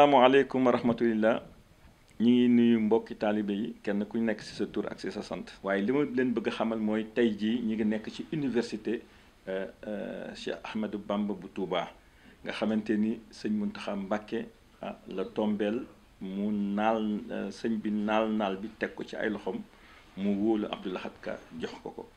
asalaamualeykum wa rahmatulillah ñu ngi nuyu mbokki taalibe yi kenn ku ñu nekk ci sa tur ak ci sa sant waaye li ma leen bëgg a xamal mooy tey jii ñu ngi nekk ci université euh, euh, Cheikh Ahmadou Bamba bu Touba nga xamante ni sëñ Mountakha Mbacké ah la tombeel mu naal euh, sëñ bi naal naal bi teg ko ci ay loxom mu wóolu Abdou Lahad Ka jox ko ko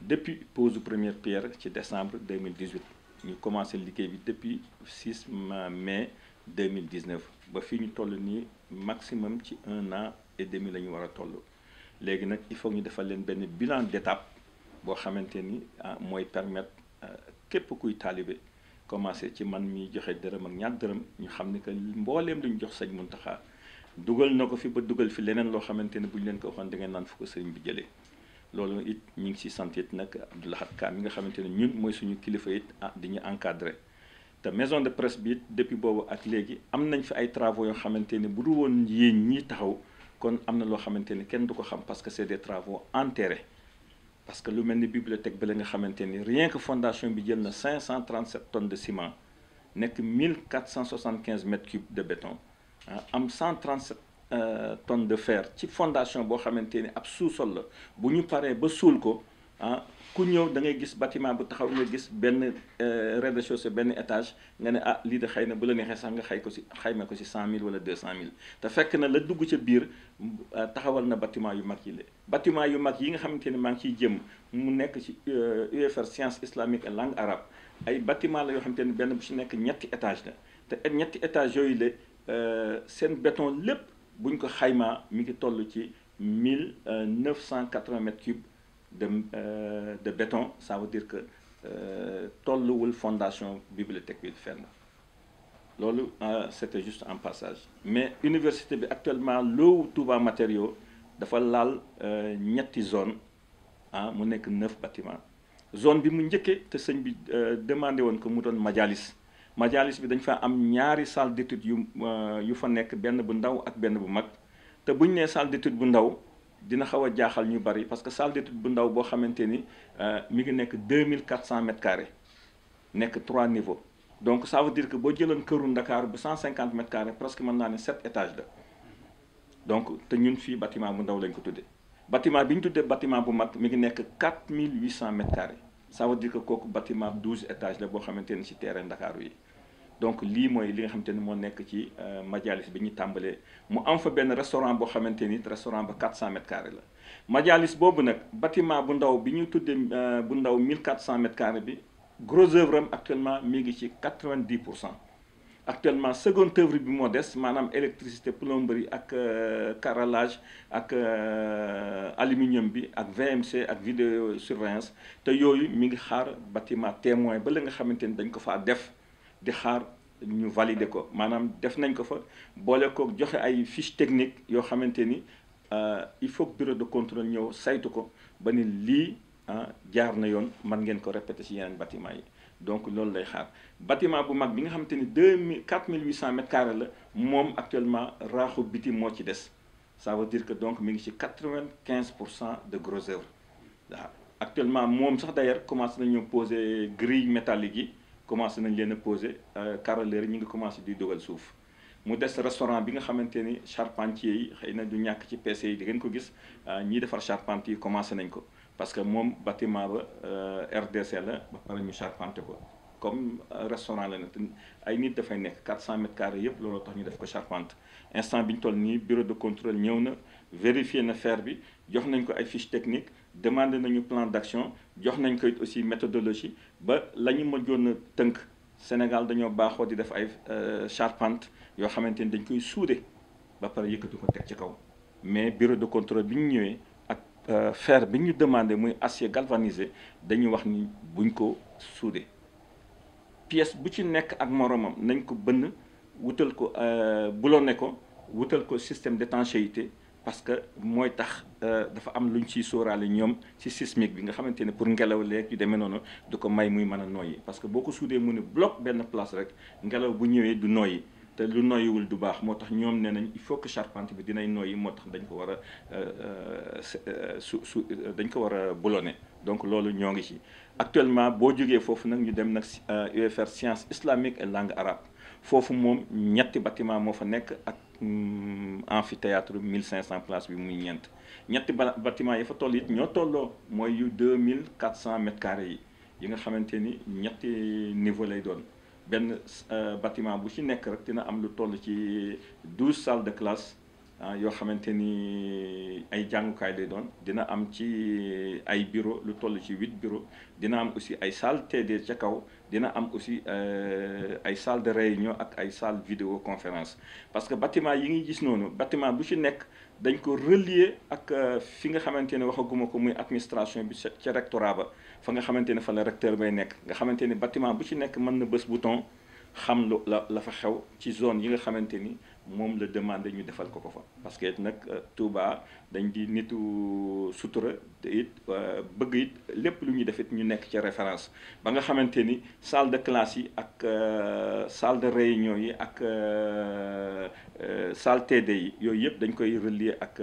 depuis pose première pierre ci décembre 2018 ñu commencé liggéey bi depuis 6 mais 2019 ba fii ñu toll nii maximum ci un an et demi la ñu war a toll léegi nag il faut ñu defal leen benn bilan d'étape boo xamante ni ah, mooy permettre euh, képp kuy taalibe commencer ci man mi joxe dërëm ak ñaar dërëm ñu xam ni que mbooleem duñ jox sañ mun Muntaxa dugal na ko fi ba dugal fi leneen loo xamante ni bu ñu leen ko waxoon da ngeen naan fu ko sëriñ bi jëlee loolu it ñu ngi siy sant it nag Abdou Lahad Ka mi nga xamante ne ñun mooy suñu kilifa it ah di ñu encadré te maison de presse bi depuis boobu ak léegi am nañ fi ay travaux yoo xamante ni bu dul woon yéen ñi taxaw kon am na loo xamante ni kenn du ko xam parce que c'est des travaux enterrés parce que lu mel ni bibliothèque bi la nga xamante ni rien que fondation bi jël na 537 tonnes de ciment nekk 1475 mètres cubes de béton ah, am 137 euh, tonnes de fer ci fondation boo xamante ni ab sous-sol la bu ñu paree ba suul ko. ah ku ñëw da ngay gis bâtiment bu taxaw nga gis benn euh, rez de benn étage nga ne ah lii de xëy na bu la neexee sax nga xay ko si xayma ko si cent mille wala deux cent mille te fekk na la dugg ca biir euh, taxawal na bâtiment yu mag yi la bâtiment yu mag yi nga xamante ni maa ngi ciy jëm mu nekk ci UFR euh, science islamique et langue arabe ay bâtiment la yoo xamante ni benn bu si nekk ñetti étage la te ñetti étage yooyu la seen béton lépp buñ ko xaymaa mi ngi toll ci mille neuf cent quatre de euh, de béton ça veut dire que euh, tolluwul fondation bibliothèque bi fenn loolu euh, c'était juste en passage mais université bi actuellement loowu Touba matériaux dafa laal ñetti zone ah mu nekk neuf bâtiment zone bi mu njëkkee te sëñ bi demandé woon ko mu doon majalis majalis bi dañ fa am ñaari salle d'étude yu yu fa nekk benn bu ndaw ak benn bu mag te buñ nee salle d'étude bu ndaw dina xaw a jaaxal ñu bari parce que salle d'étude bu ndaw boo xamante ni euh, mi ngi nekk 2400 mètres carrés nekk 3 niveaux donc ça veut dire que boo jëloon këru Ndakaaru bu 150 mètres carrés presque mën naa ne 7 étages la donc te ñun fii bâtiment bu ndaw lañ ko tuddee bâtiment bi ñu tuddee bâtiment bu mag mi ngi nekk 4800 mètres carrés ça veut dire que kooku bâtiment 12 étage la boo xamante ni ci terrain Ndakaaru yi. donc lii mooy li nga xamante ni moo nekk ci euh, majalis bi ñu tàmbalee mu am fa benn restaurant boo xamante ni restaurant ba 400 mètres carrés la majalis boobu nag bâtiment bu ndaw bi ñu tuddee euh, bu ndaw 1400 mètres carrés bi gros œuvre actuellement mi ngi ci 90 pour cent actuellement seconde bi moo des maanaam électricité plomberie ak euh, carrelage ak aluminium bi ak VMC ak vidéo surveillance te yooyu mi ngi xaar bâtiment témoin ba la nga xamante ni dañ ko fa def di xaar ñu valider ko maanaam def nañ ko fa boole ko joxe ay fiche technique yoo xamante ni euh, il faut que bureau de contrôle ñëw saytu ko ba ni lii ah jaar na yoon man ngeen ko répéter ci yeneen batiment yi donc loolu lay xaar batiment bu mag bi nga xamante ni deux mille quatre mille huit cent mètres carrés la moom actuellement raaxu biti moo ci des ça veut dire que donc mi ngi ci quatre vingt quinze pour cent de gros œuvre waaw actuellement moom sax d'ailleurs commencé nañu poser grille métallique yi. commencé nañ leen a posé euh, carreleur ñi ngi commencé di dugal suuf mu des restaurant bi nga xamante ni charpentier yi xëy na du ñàkk ci PC yi di ngeen ko gis euh, ñiy defar charpente yi commencé nañ ko parce que moom bâtiment ba euh, RDC la ba pare ñu charpente ko comme restaurant la nag ay nit dafay nekk 400 mètres carrés yëpp looloo tax ñu def ko charpente instant bi ñu toll nii bureau de contrôle ñëw na vérifier na fer bi jox nañ ko ay fiche technique demandé nañu plan d'action jox nañ koy aussi méthodologie ba la ñu mujjoon a tënk Sénégal dañoo baaxoo di def ay euh, charpente yoo xamante ni dañ koy suude ba pare yëkkati ko teg ci kaw mais bureau de contrôle bi ñu ñëwee ak euh, fer bi ñu demandé muy acier galvanisé dañu wax ni buñ ko suude pièce bu ci nekk ak moromam nañ ko bënn wutal ko euh, bulone ko wutal ko système d'étanchéité parce que mooy tax euh, dafa am lu ñu ciy sóoraale ñoom ci sismique bi nga xamante ne pour ngelaw léeg yu demee noonu du ko may muy mën a noyyi parce que boo ko suudee mu ne bloc benn place rek ngelaw bu ñëwee du noyyi te lu noyyiwul du baax moo tax ñoom nee nañ il faut que charpente bi dinay noyyi moo tax dañ ko war a euh, euh, su su dañ ko war a boulonné donc loolu ñoo ngi ci actuellement boo jógee foofu nag ñu dem nag UFR science islamique et langue arabe foofu moom ñetti bâtiment moo fa nekk ak mm, amphithéâtre 1500 places bi muy ñeent ñetti bâtiment yi fa toll yit ñoo tolloo mooy yu 2400 mètres carrés yi yi nga xamante ni ñetti niveau lay doon benn euh, bâtiment bu ci nekk rek dina am lu toll ci 12 salles de classe ah yoo xamante ni ay jàngukaay lay doon dina am ci ay bureau lu toll ci 8 bureau dina am aussi ay salle TD ca kaw dina am aussi euh, ay salle de réunion ak ay video vidéoconférence parce que bâtiment yi ngi gis noonu batiment bu ci nekk dañ ko relier ak euh, fi nga xamante ne waxaguma ko muy administration bi ca rectorat ba fa nga xamante ne fa la recteur bay nekk nga xamante ni batiment bu ci nekk mën na bës bouton xam lu la la fa xew ci zone yi nga xamante ni moom la demande ñu defal ko ko fa parce que it nag euh, Touba dañ di nitu sutura te it euh, bëgg it lépp lu ñuy def it ñu nekk ci référence ba nga xamante ni salle de classe yi ak euh, salle de réunion yi ak salle TD yi yooyu yëpp dañ koy relier ak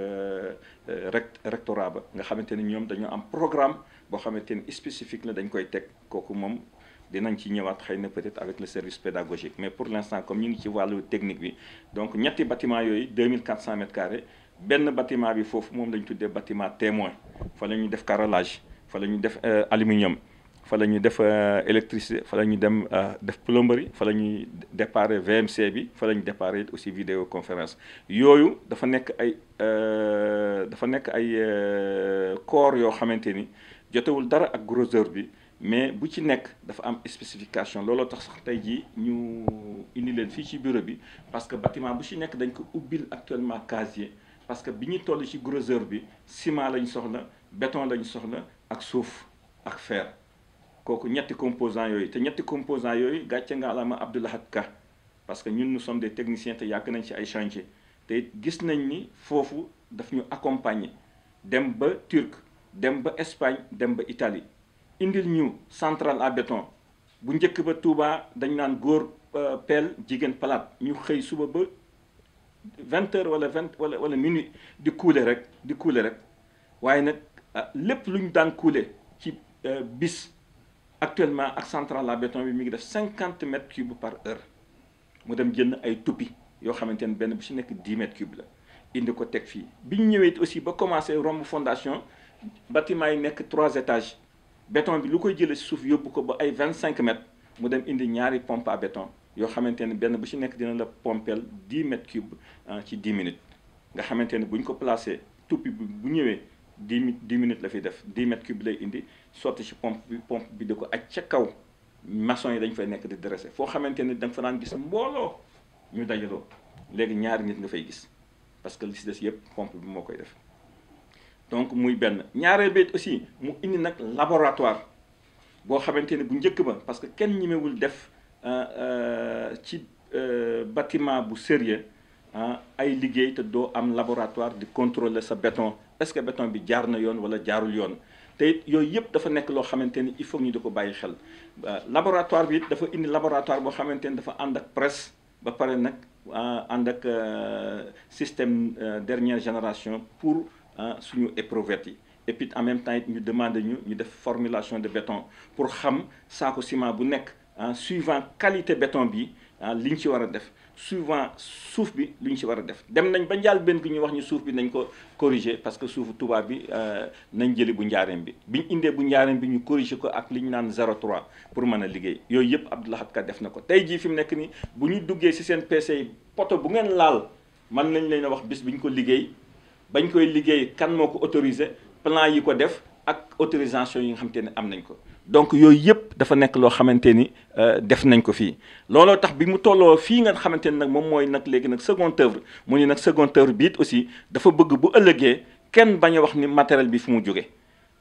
rect rectorat ba nga xamante ni ñoom dañoo am programme boo xamante ni spécifique la dañ koy teg kooku moom dinañ ci ñëwaat xëy na peut-être avec le service pédagogique mais pour l'instant comme ñu ngi ci wàllu technique bi donc ñetti bâtiment yooyu 2400 mètres carrés benn bâtiment bi foofu moom la ñu tuddee bâtiment témoin fa la ñuy def carrelage fa la ñuy def euh, aluminium fa la ñuy def euh, électricité fa la ñuy dem euh, def plomberie fa la ñuy déparé VMC bi fa la ñuy déparé aussi vidéoconférence yooyu dafa nekk ay dafa nekk ay corps yoo xamante ni jotewul dara ak grosseur bi mais bu ci nekk dafa am spécification looloo tax sax tey jii ñu indi leen fii ci bureau bi parce que batiment bu ci nekk dañ ko ubbil actuellement casier parce que bi ñu toll ci gros œuvre bi ciment lañ soxla béton lañ soxla ak suuf ak fer kooku ñetti composant yooyu te ñetti composant yooyu gàcce nga la alama Abdoulahat Ka parce que ñun nu sommes des techniciens te yàgg nañ ci ay chantier te gis nañ ni foofu daf ñu accompagner dem ba Turc dem ba Espagne dem ba Italie indil ñu central à béton bu njëkk ba Touba dañ naan góor euh, peel jigéen palaat ñu xëy suba ba vingt heures wala vingt wala wala minuit di kuule rek di kuule rek waaye nag euh, lépp lu ñu daan kuule ci euh, bis actuellement ak centrale à béton bi mi ngi def cinquante mètres cubes par heure mu dem jënd ay tuppi yoo xamante ne benn bu ci nekk dix mètres cubes la indi ko teg fii bi ñu ñëwee aussi ba commencé romb fondation bâtiment yi nekk trois étages béton bi lu koy jëlee si suuf yóbbu ko ba ay vingt cinq mètres mu dem indi ñaari pompe à yoo xamante ne benn bu ci nekk dina la pompeel dix mètres cube ci dix minute nga xamante ne bu ñu ko placé tuppi bi bu ñëwee dix dix minutes la fiy def dix mètres cube lay indi sotti ci pompe bi pompe bi di ko ak ca kaw maçon yi dañ fay nekk di dressé foo xamante ne da nga fa daan gis mbooloo ñu dajaloo léegi ñaari nit nga fay gis parce que li si des yëpp pompe bi moo koy def donc muy benn ñaaree bi aussi mu indi nag laboratoire boo xamante ne bu njëkk ba parce que kenn ñimewul def euh, euh, ci euh, bâtiment bu sérieux ay liggéey te doo am laboratoire di contrôler sa béton est-ce que béton bi jaar na yoon wala jaarul yoon te it yooyu yëpp dafa nekk loo xamante ni il faut ñu di ko bàyyi xel laboratoire bi dafa indi laboratoire boo xamante ni dafa ànd ak presse ba pare nag ànd ak système dernière génération pour ah suñu éprouvette yi et puis en même temps it ñu demandé ñu ñu def formulation de béton pour xam saako ciment bu nekk ah suivant qualité béton bi ah li ñu ci war a def suivant suuf bi lu ñu ci war a def dem nañ ba njaal benn gi ñu wax ñu suuf bi nañ ko corriger parce que suuf tubaab bi euh, nañ jëli bu njaareem bi ñu indee bu njaareem bi ñu corriger ko ak li ñu naan 03 pour mën a liggéey yooyu yëpp Abdou Lahad Ka def na ko tey jii fi mu nekk nii bu ñu duggee ci seen PC yi bu ngeen laal mën nañ leen a wax bis bi ko liggéey bañ koy liggéey kan moo ko autorisé plan yi ko def ak autorisation yi nga xamante ne am nañ ko donc yooyu yëpp dafa nekk loo xamante ni euh, def nañ ko fii looloo tax bi mu tolloo fii nga xamante ni nag moom mooy nag léegi nag seconde œuvre mu ni nag seconde œuvre bi it aussi dafa bëgg bu ëllëgee kenn bañ a wax ni matériel bi fu mu jóge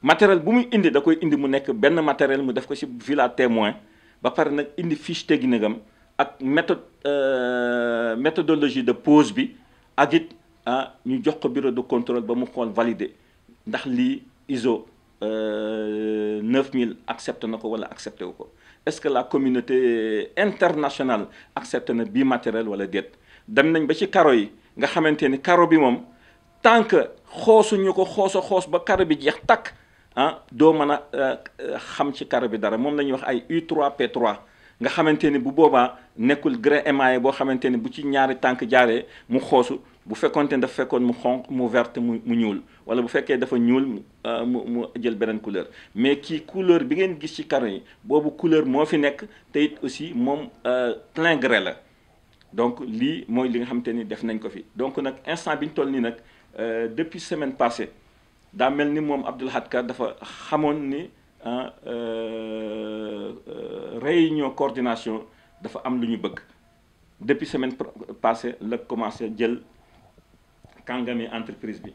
matériel bu muy indi da koy indi mu nekk benn matériel mu def ko si villa témoin ba pare nag indi fiche technique am ak méthode euh, méthodologie de pose bi ak ah ñu jox ko bureau de contrôle ba mu xool validé ndax lii ISO 9000 euh, accepté na ko wala accepté wu ko est-ce que la communauté internationale accepté na bii matériel wala déet dem nañ ba ci karo yi nga xamante ni karo bi moom tant que xoosuñu ko xoosa xoos ba karo bi jeex takk ah doo mën a euh, xam ci karo bi dara moom la ñuy wax ay u 3 p nga xamante ni bu boobaa nekkul grès émaillé boo xamante ni bu ci ñaari tànk jaaree mu xoosu bu fekkoonte ni dafa fekkoon mu xonq mu verte mu mu ñuul wala bu fekkee dafa ñuul euh, mu mu jël beneen couleur mais kii couleur bi ngeen gis ci carreaux yi boobu couleur moo fi nekk te it aussi moom euh, plein gré la donc lii mooy li nga xamante ni def nañ ko fi donc nag instant bi ñu toll nii nag euh, depuis semaine passée daa mel ni moom Abdoul Ahad Ka dafa xamoon ni réunion coordination dafa am lu ñu bëgg depuis semaine passée la commencé jël kàngami entreprise bi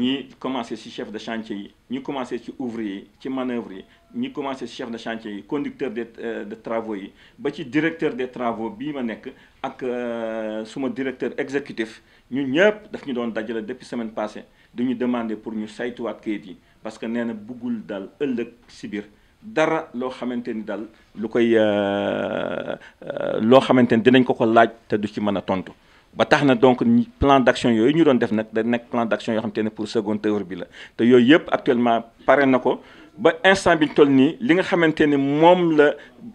ñi commencé ci chef de chantier yi ñi commencé ci ouvrier yi ci manœuvre yi ñi commencé ci chef de chantier yi conducteur des euh, de travaux yi ba ci directeur des travaux bii ma nekk ak euh, suma directeur exécutif ñu ñëpp daf ñu doon dajale depuis semaine passée duñu demander pour ñu saytuwaat kayit yi parce que nee na buggul daal ëllëg si biir dara loo xamante ni daal lu koy euh, loo xamante ni dinañ ko ko laaj te du ci mën a tontu. ba tax na donc plan d'action yooyu ñu doon def nag da nekk plan d'action yoo xam te ne pour seconde œuvre bi la te yooyu yëpp actuellement pare na ko ba instant bi toll nii li nga xamante ne moom la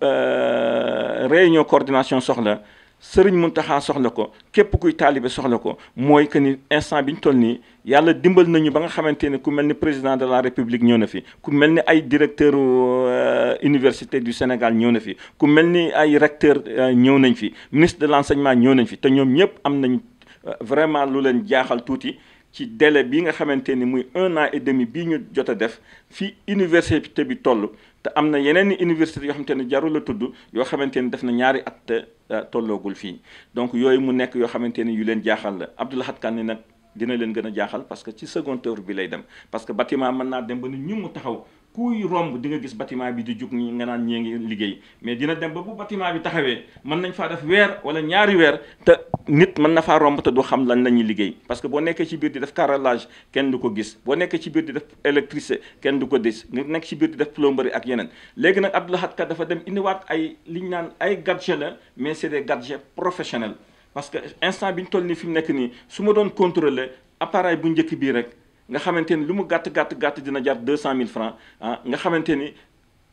euh, réunion coordination soxla sëriñ taxaa soxla ko képp kuy taalibe soxla ko mooy que ni instant bi ñu toll nii yàlla dimbal nañu ba nga xamante ne ku mel ni président de la république ñëw na fi ku mel ni ay directeur euh, université du Sénégal ñëw na fi ku mel ni ay recteur euh, ñëw nañ fi ministre de l'enseignement ñëw nañ fi te ñoom ñëpp am nañ euh, vraiment lu leen jaaxal tuuti ci délai bi nga xamante ni muy un an et demi bii ñu jot a def fii université bi toll te am na yeneen i université yoo xamante ni jarul a tudd yoo xamante ni def na ñaari at euh, tolloogul fii donc yooyu mu nekk yoo xamante ni yu leen jaaxal la Abdou Lahad Kane nag dina leen gën a jaaxal parce que ci seconde œuvre bi lay dem parce que bâtiment mën naa dem ba ni ñum taxaw. kuy romb di nga gis bâtiment bi di jug nii nga naan ñee ngi liggéey mais dina dem ba bu bâtiment bi taxawee mën nañ faa def weer wala ñaari weer te nit mën na faa romb te du xam lan la ñuy liggéey parce que boo nekkee ci biir di def carrelage kenn du ko gis boo nekkee ci biir di def électricité kenn du ko dis nga nekk ci biir di def plomberie ak yeneen léegi nag Abdou Lahad Ka dafa dem indiwaat ay li ñu naan ay gadget la mais c'est des gadgets professionnels parce que instant bi toll nii fi mu nekk nii su ma doon contrôler appareil bu njëkk bii rek nga xamante ni lu mu gàtt gàtt gàtt dina jar deux cent mille francs ah, nga xamante ni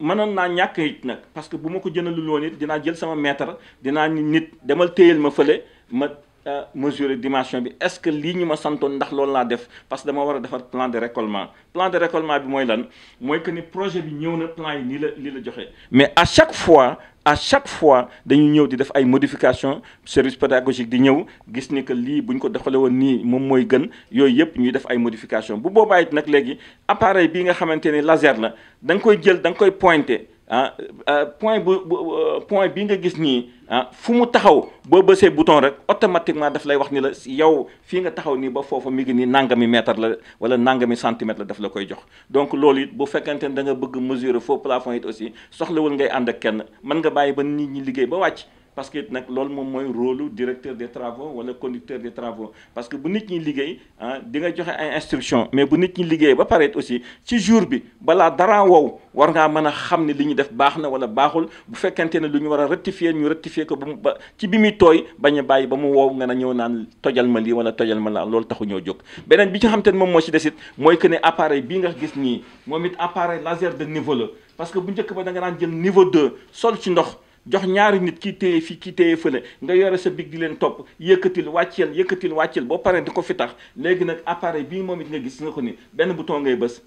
mënoon naa ñàkk it nag parce que bu ma ko jënalul woon it dinaa jël sama mètre dinaa nit demal téyel ma fële ma euh, mesurer dimension bi est-ce que lii ñu ma santoon ndax loolu laa def parce que dama war a defar plan de récolement plan de récolement bi mooy lan mooy que ni projet bi ñëw na plan yi nii la lii la joxe mais à chaque fois à chaque fois dañuy ñëw di def ay modification service pédagogique di ñëw gis ni que lii bu ñu ko doxalee woon nii moom mooy gën yooyu yëpp ñuy def ay modification bu boobaa it nag léegi appareil bii nga xamante ni laser la danga koy jël danga koy pointer. ah euh, point bu euh, point bi nga gis nii ah fu mu taxaw boo bësee bouton rek automatiquement daf lay wax ni la yow fii nga taxaw nii ba foofu mi ngi nii nangami mètre la wala nangami centimètre la daf la koy jox donc loolu it bu fekkente ne da nga bëgg mesurer faux plafond it aussi soxlawul ngay ànd ak kenn mën nga bàyyi ba nit ñi liggéey ba wàcc parce que nag loolu moom mooy rôle directeur des travaux wala conducteur des travaux parce que bu nit ñi liggéey ah di nga joxe ay instruction mais bu nit ñi liggéey ba pare aussi ci jour bi balaa dara wow war ngaa mën a xam ni li ñu def baax na wala baaxul bu fekkente ne lu ñu war a ñu rectifier ko bu mu ba ci bi muy tooy bañ a bàyyi ba mu wow nga naa ñëw naan tojal ma lii wala tojal ma laa loolu taxu ñoo jóg beneen bi nga xam te ne moom moo ci desit mooy que ne appareil nga gis nii moom it appareil laser de niveau la que bu njëkk ba da nga daan jël niveau sol ci ndox jox ñaari nit kii téye fii kii téye fële nga yore sa big di leen topp yëkkatil wàcceel yëkkatil wàcceel boo paree di ko fi tax léegi nag appareil bii moom it nga gis nga ko ni benn bouton ngay bës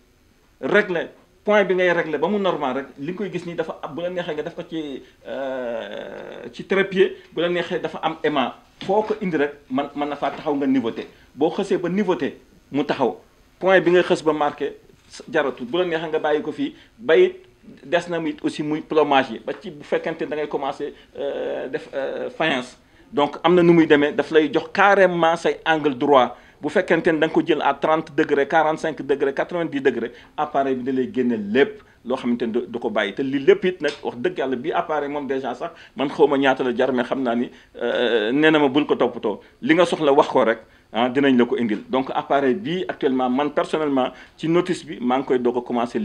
régler point bi ngay régler ba mu normal rek li nga koy gis nii dafa am bu la neexee nga def ko ci euh, ci trépied bu la neexee dafa am aimant foo ko indi rek man mën na faa taxaw nga niveauté boo xësee ba niveauté mu taxaw point bi ngay xës ba marqué jaratul bu la neexee nga bàyyi ko fii bayit des na mit aussi muy plomage yi ba ci bu fekkente da ngay commencer euh, def euh, faïence donc am na nu muy demee daf lay jox carrément say angle droit bu fekkente ne da ko jël à 30 degré 45 degré 90 degré appareil bi da lay génne lépp loo xamante ni du ko bàyyi te lii lépp it nag wax dëgg yàlla bi appareil moom déjà sax man xaw ma ñaata la jar xam naa ni euh, nee na ma bul ko toppatoo li nga soxla wax ko rek ah dinañ la ko indil donc appareil bii actuellement man personnellement ci notice bi maa ngi koy doog a commencer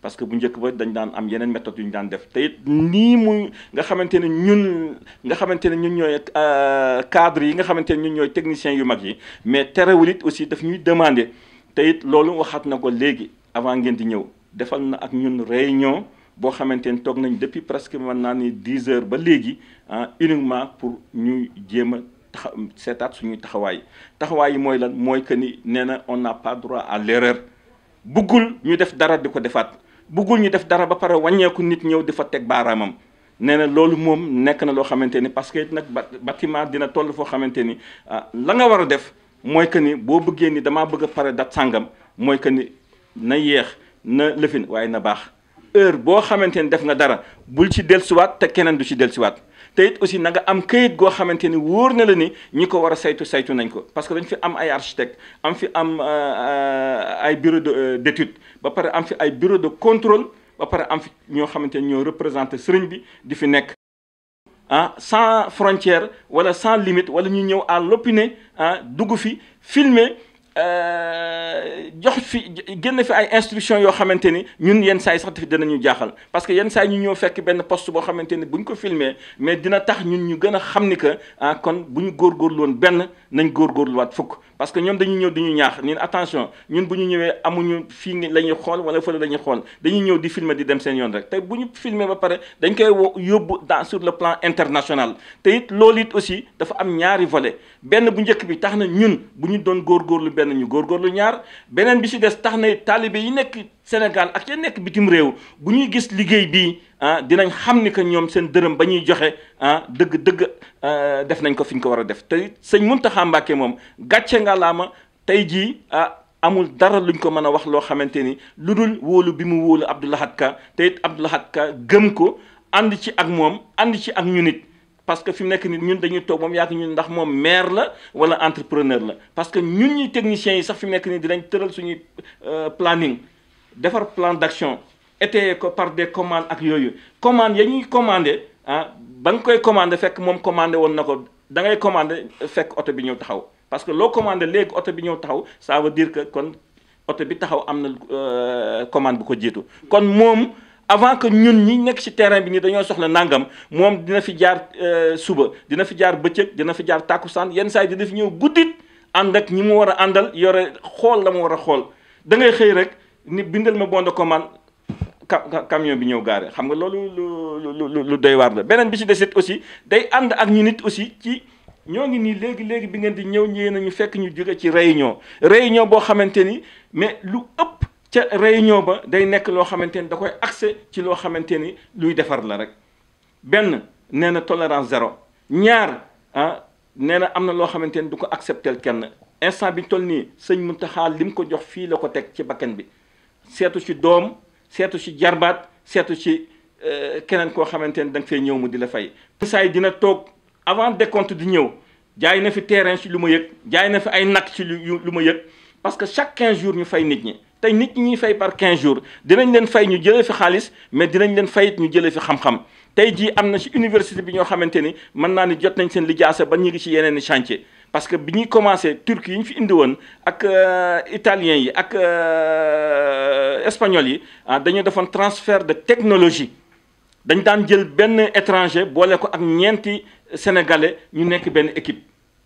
parce que bu njëkk ba dañ daan am yeneen méthode yu ñu daan def te it nii mu nga xamante ne ñun nga xamante ne ñun ñooy euh, cadre yi nga xamante ne ñun ñooy techniciens yu mag yi mais terewul it aussi daf ñuy demander te it loolu waxaat na ko léegi avant ngeen di ñëw defal na ak ñun réunion boo xamante ne toog nañ depuis presque mën naa ni dix heures ba léegi ah uniquement pour ñu jéem a taxa seetaat suñuy taxawaay taxawaay yi mooy lan mooy que ni nee na on n'a pas droit à l'erreur buggul ñu def dara di ko defaat. buggul ñu def dara ba pare wàññeeku nit ñëw di fa teg baaraamam nee na loolu moom nekk na loo xamante ni parce que nag bâtiment dina toll foo xamante ni ah, la nga war a def mooy que ni boo bëggee ni damaa bëgg a pare dat sàngam mooy que ni na yéex na lëfin waaye na baax heure boo xamante ni def nga dara bul ci dellusiwaat te keneen du ci dellusiwaat te aussi na am këyit goo xamante ni wóor na la ni ñi ko war a saytu saytu nañ ko parce que dañ fi am ay architecte am fi am euh, euh, ay bureau de euh, d'étude ba pare am fi ay bureau de contrôle ba pare am ñoo xamante ni ñoo représenté sëriñ bi di fi nekk ah sans frontière wala sans limite wala ñu ñëw à l'opiné ah dugg fi filmer Euh, jox fi génn fi ay instructions yoo xamante ni ñun yenn saa yi sax dinañu jaaxal parce que yenn saa yi ñu ñoo fekk benn post boo xamante ni bu ñu ko filmé mais dina tax ñun ñu gën a xam ni que ah kon bu ñu góor góorgóorlu woon benn nañ góor góorgóorluwaat fukk. parce que ñoom dañuy ñëw di ñu ñaax ñun attention ñun bu ñu ñëwee amuñu fii la ñuy xool wala fële la xool dañuy ñëw di filmer di dem seen yoon rek te bu ñu filmer ba pare dañ koy wo yóbbu dans sur le plan international te it loolu it aussi dafa am ñaari volet benn bu njëkk bi tax na ñun bu ñu doon góor góorgóorlu benn ñu góor lu ñaar beneen bi si des tax na taalibe yi nekk Sénégal ak ya nekk bitim réew bu ñuy gis liggéey bii ah, dinañ xam ni que ñoom seen dërëm ba ñuy joxe ah dëgg dëgg ah, def nañ ko fi ñu ko war a def te sëñ Mountakha Mbacké moom gàcce nga laama tey jii ah. amul dara luñ ko mën a wax loo xamante ni lu dul wóolu bi mu wóolu Abdou Lahad Ka te it Abdou Lahad Ka gëm ko ànd ci ak moom ànd ci ak ñu nit parce que fi mu nekk nii ñun dañuy toog moom yaakaar ñun ndax moom maire la wala entrepreneur la parce que ñun ñi techniciens yi sax fi nekk nii dinañ tëral suñuy euh, planning defar plan d'action été ko par des commande ak yooyu commande ya ñuy commandé ah ba nga koy commandé fekk moom commandé woon na ko da ngay commandé fekk oto bi ñëw taxaw parce que loo commandé léegi oto bi ñëw taxaw ça veut dire que kon oto bi taxaw am na euh, commande bu ko jiitu kon moom avant que ñun ñi nekk ci terrain bi ni dañoo soxla nangam moom dina fi jaar euh, suba dina fi jaar bëccëg dina fi jaar tàkkusaan yenn saa yi dina fi ñëw guddit ànd ak ñi mu war a àndal yore xool la mu war a xool da ngay xëy rek ni bindal ma boo de commande camion bi ñëw gaare xam nga loolu lu lu lu doy waar la beneen bi ci desit aussi day ànd ak ñu nit aussi ci ñoo ngi nii léegi léegi bi ngeen di ñëw ñëwee nañu fekk ñu jóge ci réunion réunion boo xamante ni mais lu ëpp ca réunion ba day nekk loo xamante ni da koy accès ci loo xamante ni luy defar la rek benn nee na tolérance zéro ñaar ah nee na am na loo xamante ni du ko accepter kenn instant bi toll nii sëñ Mountakha li mu ko jox fii la ko teg ci bakken bi seetu ci doom seetu ci jarbaat seetu ci euh, keneen koo xamante ni da nga fee ñëw mu di la fay. saa dina toog avant décompte di ñëw jaay na fi terrain ci lu ma yëg jaay na fi ay nag ci lu lu ma yëg parce que chaque 15 jours ñu fay nit ñi tey nit ñi ñuy fay par 15 jours dinañ leen fay ñu jëlee fi xaalis mais dinañ leen fayit ñu jëlee fi xam-xam. tey jii am na ci université bi ñoo xamante ni mën naa ni jot nañ seen lijaasa ba ñu ngi ci yeneen i chantier parce que bi ñuy commencer turc yi ñu fi indi woon ak euh, italien yi ak euh, espagnol yi ah dañoo defoon transfert de technologie dañ daan jël benn étranger boole ko ak ñeenti sénégalais ñu nekk benn équipe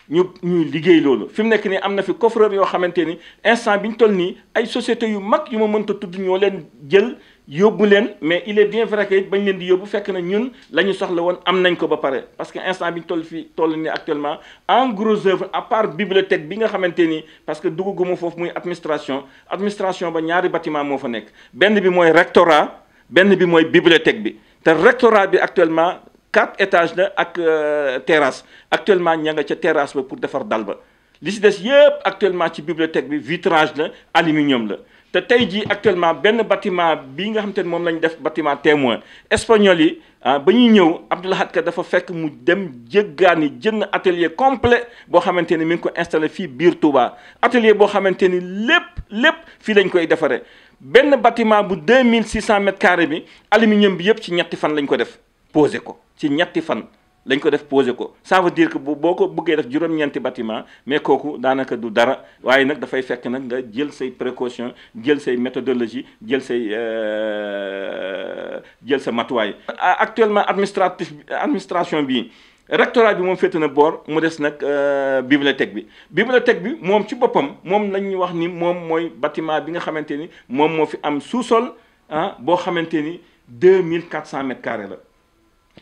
ñu ñuy liggéey loolu fi mu nekk nii am na fi coffreur yoo xamante ni instant bi ñu toll nii ay sociétés yu mag yu ma mënta tudd ñoo leen jël yóbbu leen mais il est bien vrai que bañ leen di yóbbu fekk na ñun lañu ñu soxla woon am nañ ko ba pare parce que instant bi ñu toll fii toll ni actuellement en gros œuvre à part bibliothèque bi nga xamante ni parce que dugguma foofu muy administration administration ba ñaari bâtiment moo fa nekk benn bi mooy rectorat benn bi mooy bibliothèque bi te rectorat bi actuellement quatre étage la ak euh, terrasse actuellement ña nga ca terrasse ba pour defar dal ba li si des yëpp actuellement ci bibliothèque bi vitrage la aluminium la te tey jii actuellement benn batiment bi nga xam te ne moom lañ def bâtiment témoin espagnol yi ah, ba ñuy ñëw Abdoulahat Ka dafa fekk mu dem jéggaani jënd atelier complet boo xamante ni mi ngi ko installé fii biir Touba atelier boo xamante ni lépp lépp fii lañ koy defaree benn bâtiment bu 2600 mètres carrés bi aluminium bi yëpp ci ñetti fan lañ ko def posé ko ci ñetti fan. lañ ko def posé ko ça veut dire que bu boo ko bëggee def juróom-ñeenti bâtiment mais kooku daanaka du dara waaye nag dafay fekk nag nga jël say précaution jël say méthodologie jël say euh, jël sa matuwaay. actuellement administratif administration bi rectorat bi moom féete na boor mu des nag euh, bibliothèque bi bibliothèque bi moom ci boppam moom la ñuy wax ni moom mooy bâtiment bi nga xamante ni moom moo fi am sous-sol ah boo xamante ni 2400 mètres carrés la.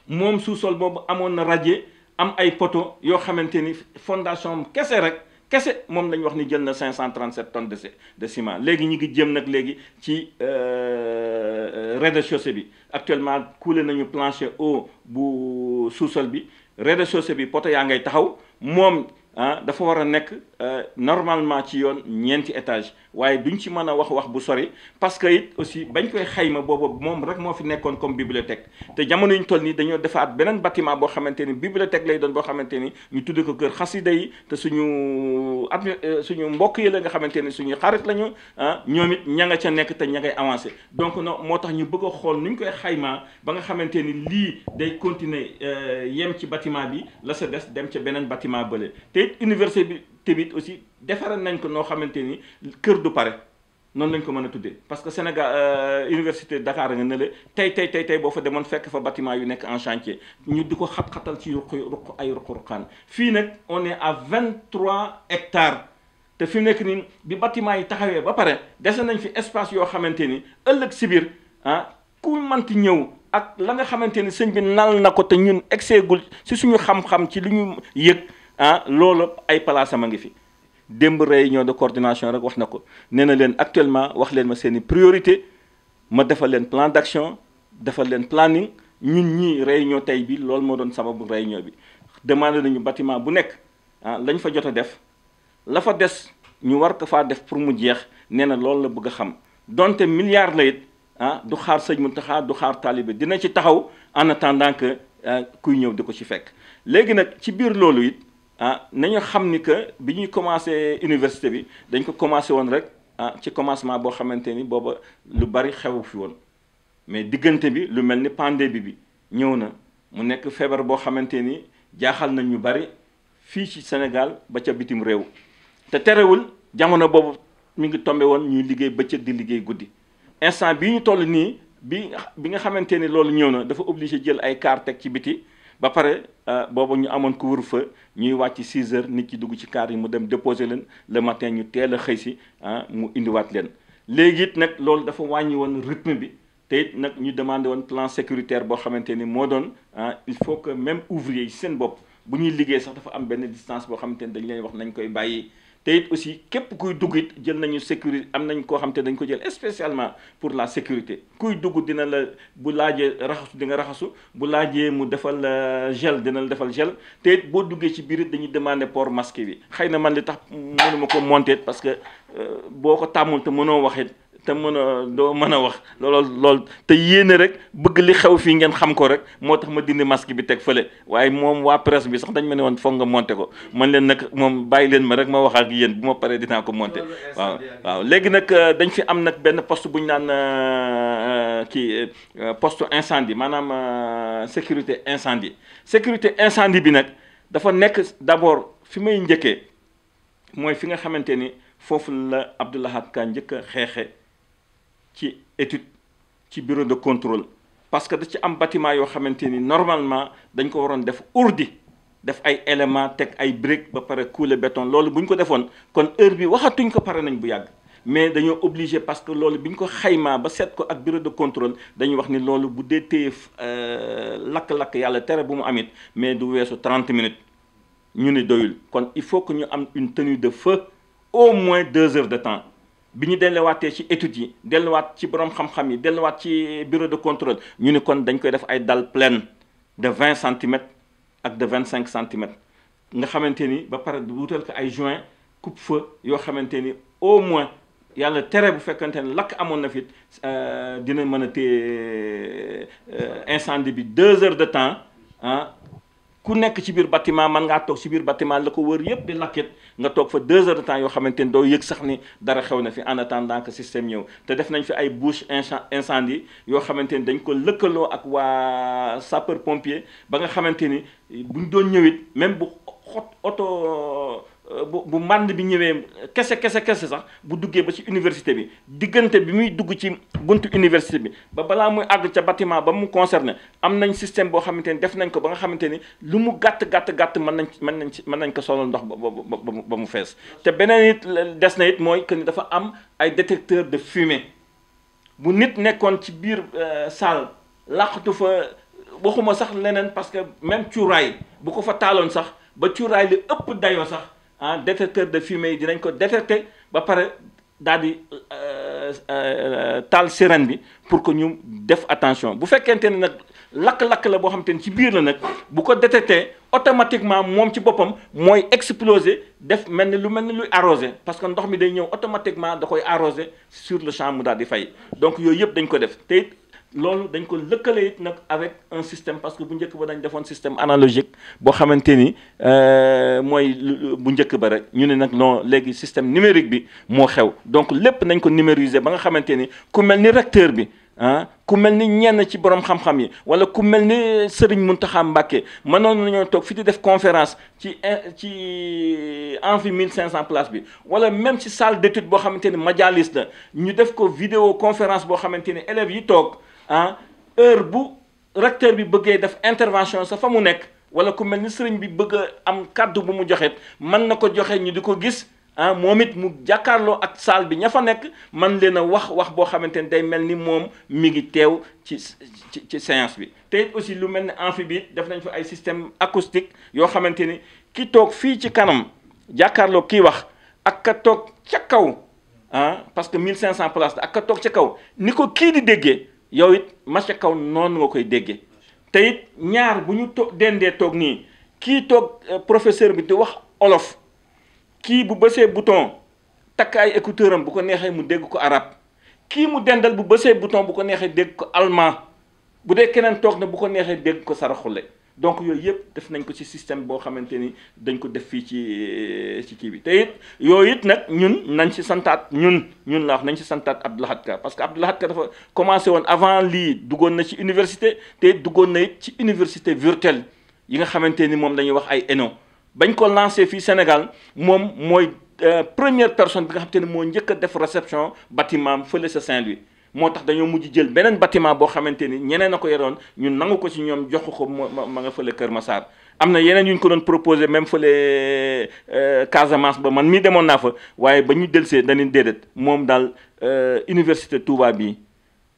moom sous-sol boobu amoon na radier am ay poteau yoo xamante ni fondation kese rek kese moom lañ wax ni jël na 537 tonnes de de ciment léegi ñu ngi jëm nag léegi ci euh, euh, rez de bi actuellement coulé nañu plancher haut bu sous-sol bi rez de bi poteau yaa ngay taxaw moom. ah dafa war a nekk euh, normalement ci yoon ñeenti étage waaye duñ ci mën a wax wax bu sori parce que it aussi bañ koy xayma booba moom rek moo fi nekkoon comme bibliothèque te jamono ñu toll nii dañoo defaat beneen bâtiment boo xamante ni bibliothèque lay doon boo xamante ni ñu tudde ko kër xasida yi te suñu at euh, suñu mbokk yi la nga xamante ni suñu xarit lañu ah ñoom it ña nga ca nekk te ña ngay avancé donc non moo tax ñu bëgg a xool ñu koy xayma ba nga xamante ni lii day continuer euh, yem ci batiment bi la sa des dem ca beneen batiment bële it université bi tamit aussi defaral nañ ko noo xamante ni kër du pare noonu lañ ko mën a tuddee parce que Sénégal euh, université Dakar nga ne la tey tey tey tey boo fa demoon fekk fa bâtiment yu nekk en chantier ñu di ko xat-xatal ci ruq ruq ay ruq-ruqaan fii nag on est à 23 hectares. te fi mu nekk nii bi bâtiment yi taxawee ba pare dese nañ fi espace yoo xamante ni ëllëg si biir ah ku manti ñëw ak la nga xamante ni sëñ bi nal na ko te ñun egseegul si suñu xam-xam ci li ñu yëg ah loolu ay place a ngi fi démb rey réunion de coordination rek wax na ko nee na leen actuellement wax leen ma seeni priorité ma defal leen plan d'action defal leen planning ñun rey ñoo tey bi loolu moo doon sababu ñoo bi demandé nañu batiment bu nekk ah lañ fa jot a def la fa des ñu war ko faa def pour mu jeex nee na loolu la bëgg a xam donte milliard la it ah du xaar sëñ Mountakha du xaar taalibe dina ci taxaw en attendant que eh, kuy ñëw di ko ci fekk léegi nag ci biir loolu it. ah nañu xam ni que bi ñuy commencé université bi dañ ko commencé woon rek ah ci commencement boo xamante ni booba lu bari xew fi woon mais diggante bi lu mel ni pandémie bi bi ñëw na mu nekk feebar boo xamante ni jaaxal nañ ñu bari fii ci Sénégal ba ca bitim réew te terewul jamono boobu mu ngi tombe woon ñuy liggéey bëccëg di liggéey guddi instant bi ñu toll nii bi bi nga xamante ni loolu ñëw na dafa obligé jël ay kaar teg ci biti ba pare euh, boobu ñu amoon couvre-feu ñuy wàcc 6 heures nit ci dugg ci car yi mu dem déposer leen le matin ñu teel a xëy si ah mu indiwaat leen léegi it nag loolu dafa wàññi woon rythme bi te nag ñu demandé woon plan sécuritaire boo xamante ni moo doon ah, il faut que même ouvrier yi seen bopp bu ñuy liggéey sax dafa am benn distance boo xamante ni dañ leen wax nañ koy bàyyi te it aussi képp kuy dugg it jël nañu sécurité am nañ koo xam te dañ ko jël espécialement pour la sécurité kuy dugg dina la bu laajee raxasu di nga raxasu bu laajee mu defal euh, gel dina la defal gel te it boo duggee ci biir dañuy demander pour masque bi xëy na man li tax mënuma ko monter parce que euh, boo ko tàmmul te mënoo wax it te mën a doo mën a wax lool lool te yéene rek bëgg li xew fii ngeen xam ko rek moo tax ma dindi masque bi teg fële waaye moom waa presse bi sax dañ ma ne woon foog nga monter ko man leen nag moom bàyyi leen ma rek ma wax ak yéen bu ma paree dinaa ko monter waaw waaw léegi nag euh, dañ fi am nag benn poste bu ñu naan euh, euh, kii poste incendie maanaam sécurité incendie sécurité incendie bi nag dafa nekk d'abord fi may njëkkee mooy fi nga xamante ni foofu la Abdou Lahad Ka njëkk a xeexe ci étude ci bureau de contrôle parce que da ci am bâtiment yoo xamante ni normalement dañ ko waroon def urdi def ay élément teg ay brique ba pare couler béton loolu bu ñu ko defoon kon heure bi waxatuñ ko pare nañ bu yàgg mais dañoo obligé parce que loolu bi ñu ko xaymaa ba seet ko ak bureau de contrôle dañuy wax ni loolu bu dee téye euh, lakk-lakk yàlla tere bu mu amit mais du weesu trente minutes ñu ni doyul kon il faut que ñu am une tenue de feu au moins deux heures de temps bi ñu delluwaatee ci études yi delluwaat ci borom xam-xam yi delluwaat ci bureau de contrôle ñu ni kon dañ koy def ay dalles pleines de vingt centimètres ak de vingt cinq centimètres nga xamante ni ba pare wutal ko ay juin coupe-feu yoo xamante ni au moins yàlla tere bu fekkante ni lakk amoon na fit euh, dina mën a téye euh, incendie bi deux heures de temps ah ku nekk ci biir bâtiment man ngaa toog ci biir bâtiment la ko wër yëpp di lakkit nga toog fa deux heures de temps yoo xamante ni doo yëg sax ni dara xew na fi en attendant que système te def nañ fi ay bouche incendie yoo xamante ni dañ ko lëkkaloo ak waa sapeur pompier ba nga xamante ni buñ doon ñëwit même bu xot oto Euh, bu bu mànd bi ñëwee kese kese kese sax bu duggee ba ci université bi diggante bi muy dugg ci buntu université bi ba balaa muy àgg ca batiment ba mu concerné am nañ système boo xamante ni def nañ ko ba nga xamante ni lu mu gàtt gàtt gàtt mën nañ mën nañ ci mën nañ ko sonal ndox ba ba mu fees te beneen it des na it mooy que ni dafa am ay détecteur de fumée bu nit nekkoon ci biir euh, salle làqatu fa waxuma sax leneen parce que même cuuraay bu ko fa taaloon sax ba cuuraay li ëpp dayoo sax ah détecteur de fumée yi dinañ ko détecter ba pare daal di euh, euh, taal sirène bi pour que ñu def attention bu fekkente ne nag lakk-lakk la boo xam te ne ci biir la nag bu ko détecté automatiquement moom ci boppam mooy exploser def mel ni lu mel ni luy arrosé parce que ndox mi day ñëw automatiquement da koy arrosé sur le champ mu daal di fay donc yooyu yëpp dañ ko def te loolu dañ ko lëkkale it nag avec un système parce que bu njëkk ba dañ defoon système analogique boo xamante ni euh, mooy bu njëkk ba rek ñu ne nag non léegi système numérique bi moo xew donc lépp nañ ko numériser ba nga xamante ni ku mel ni recteur bi ah ku mel ni ñenn ci borom xam-xam yi wala ku mel ni Serigne Mountakha Mbacké mënoon nañoo toog fi di def conférence ci ci amphi 1500 place bi wala même ci salle d'étude boo xamante ni majalis la ñu def ko vidéo conférence boo xamante ni élèves yi toog. ah heure bu recteur bi bëggee def intervention sa fa mu nekk wala ku mel ni sëriñ bi bëgg a am kàddu bu mu joxe mën na ko joxe ñi di ko gis ah moom it mu jàkkaarloo ak saal bi ña fa nekk man leen a wax wax boo xamante ni day mel ni moom mi ngi teew ci ci ci séance bi te aussi lu mel ni amphi bi def nañ fa ay système acoustique yoo xamante ni ki toog fii ci kanam jàkkaarloo kii wax ak ka toog ca kaw ah parce que cent place ak ka toog ca kaw ni ko kii di yow it macha kaw noonu nga koy dégge te it ñaar bu ñu to dendee toog nii kii toog euh, professeur bi di wax olof kii bu bësee bouton takk ay écouteur am bu ko neexee mu dégg ko arab kii mu dendal bu bësee bouton bu ko neexee dégg ko allemand bu dee keneen toog na bu ko neexee dégg ko saraxule donc yooyu yëpp def nañ ko ci système boo xamante ni dañ ko def fii ci euh, ci kii bi te it yooyu it nag ñun nañ ci santaat ñun ñun la wax nañ ci santaat Abdou Lahad Ka parce que Abdou Lahad Ka dafa commencé woon avant lii duggoon na ci université te duggoon na it ci université virtuelle yi nga xamante ni moom dañuy wax ay ENO bañ ko lancé fii Sénégal moom mooy euh, première personne bi nga xamante ni moo njëkk a def réception bâtiment fële sa Saint-Louis moo tax dañoo mujj jël beneen bâtiment boo xamante ni ñeneen a ko yoroon ñu nangu ko ci ñoom jox ko ma ma nga fële Kër ma Massar. am na yeneen yu ñu ko doon proposé même fële euh, Casamance ba man mii demoon naa fa waaye ba ñu delsee dañuy déedéet moom daal euh, université Touba bii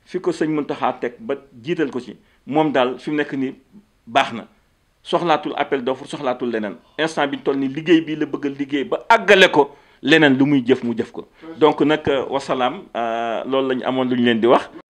fi ko sëñ Mountakha teg ba jiital ko ci moom daal fi mu nekk nii baax na. soxlaatul appel d'offre soxlaatul leneen instant bi ñu toll ni liggéey bii la bëgg liggéey ba àggale ko leneen lu muy jëf mu jëf ko donc nag euh, wasalaam euh, loolu la ñu amoon lu ñu leen di wax